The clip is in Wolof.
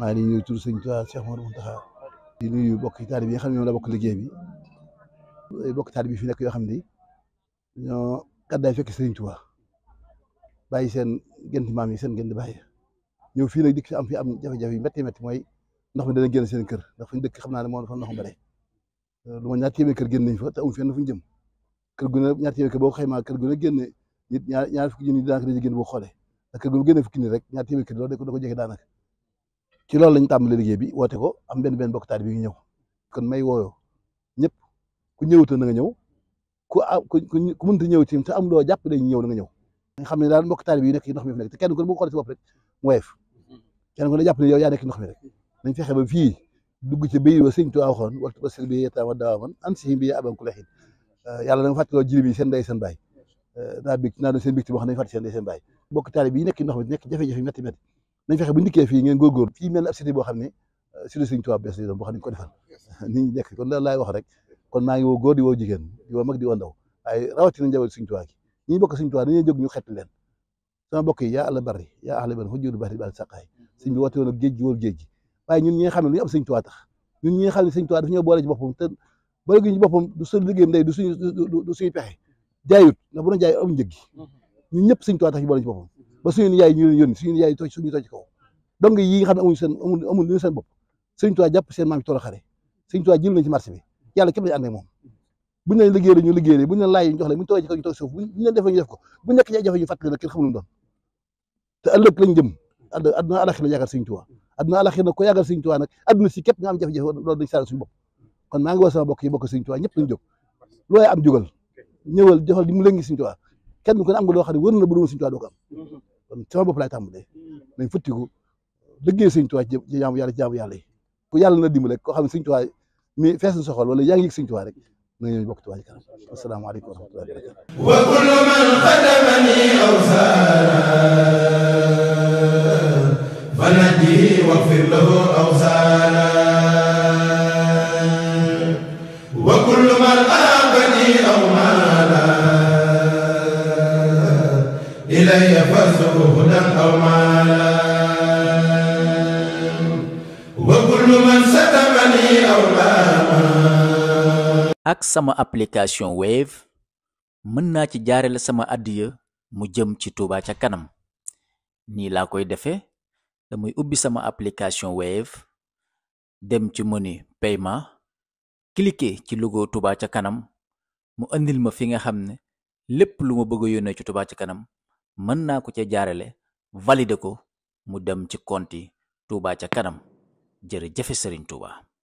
ولكن يجب ان يكون هناك افضل من اجل ان يكون هناك افضل من اجل ان يكون هناك افضل من اجل ان يكون هناك افضل من اجل ان يكون هناك افضل من اجل ان يكون هناك افضل من اجل ان يكون هناك افضل من اجل ان يكون هناك افضل من اجل ان يكون هناك افضل من اجل ان يكون هناك افضل من اجل ان يكون هناك افضل من اجل ان يكون هناك افضل من اجل ان يكون هناك افضل من اجل ان يكون هناك افضل من اجل ان يكون هناك افضل من اجل ان يكون هناك افضل من اجل ان يكون هناك افضل من اجل ان يكون هناك افضل ci loolu lañ tàmbalee liggéey bi woote ko am benn benn bokk taal bi ñu ñëw kon may ñëpp ku ñëwutoon na nga ñëw ku ku mënta ñëw ci te am loo jàpp dañ ñëw na nga ñëw nga xam ne daal mbokk taal bi yu nekk ci ndox mi fi nekk te kenn ku ne bu ko xoolee si bopp rek woyeef kenn ku ndox mi rek nañ fexe ba fii dugg ci béy ba sëñ Tuubaa waxoon waxtu ba sëñ bi yetaama dawaaman an si bi aban ku lexin yàlla da nga fàttaloo bi seen day seen baay daa big naa doon seen big ti boo xam ne dañu fàtt seen yi nekk ci ndox mi nekk nañ fexe bu ndikkee fii ngeen góorgóor fii mel ne euh, ab ne ko defal nit ñi nekk kon la laay wax rek kon maa ngi woo góor di woo jigéen di woo mag di woo ndaw waaye rawatina njaboot Sëriñ Tuubaa gi ñi bokk Sëriñ Tuubaa dañuy jóg ñu xett leen sama bokk yi yaa àll bari yaa àll bari hujjul bari bal saqaay sëñ bi woote woon ak géej gi wóor géej gi waaye ñun ñi nga xam ne lu ñu am Sëriñ tax ñun xam ne Sëriñ Tuubaa daf ñoo boole ci boppam te boole gi ci boppam du suñu liggéeyam day du suñu du suñu pexe jaayut ndax am njëg gi mm-hmm. ñun ñëpp Sëriñ Tuubaa tax ñu boole ci boppam ba suñu yaay ñu leen yónni suñu yaay toj suñu toj kaw donc yi nga xam ne amuñu seen amuñu amuñu seen bopp sëñ Tuubaa jàpp seen maam ci toolu xare sëñ Tuubaa jël nañ ci marché bi yàlla képp lañ ànd ak moom buñ leen liggéeyee ñu liggéeyee buñ leen laaj ñu jox leen buñ toogee ci kaw ñu toog suuf buñ leen defee ñu def ko bu nekk jafe-jafe ñu fàttali nag kenn xamul doon te ëllëg lañ jëm adduna alaxira yàggal sëñ Tuubaa adduna alaxira nag ko yàggal sëñ Tuubaa nag adduna si képp nga am jafe-jafe loolu dañ sànni suñu bopp kon maa ngi woo sama bokk yi bokk sëñ Tuubaa ñëpp lañ jóg looy am jógal ñëwal joxal di mu leen ngi sëñ Tuubaa kenn ku ne am nga loo xam ne wër na bu doon sëñ Tuubaa doo ko am kon sama bopp laay tàmbalee nañ futtiku dëggee sëñ Tuubaa ci jaamu yàlla jaamu yàlla yi ku yàlla na dimbale koo xam ne sëñ Tuubaa mi fees na soxal wala yaa ngi yëg sëñ Tuubaa rek na ñëw bokk Tuubaa wa rahmatullahi wa barakatuh إلي فارزقه هدى أو مالا وكل من ستمني أو لاما ak sama application Wave mën naa ci jaarale sama addiya mu jëm ci Touba ca kanam nii laa koy defee damay ubbi sama application Wave dem ci menu paiement cliquer ci logo Touba ca kanam mu indil ma fi nga xam ne lépp lu ma bëgg a ci Touba ca kanam mën naa ko ca jaarale valider ko mu dem ci compte Touba ca kanam jërëjëf Serigne Touba.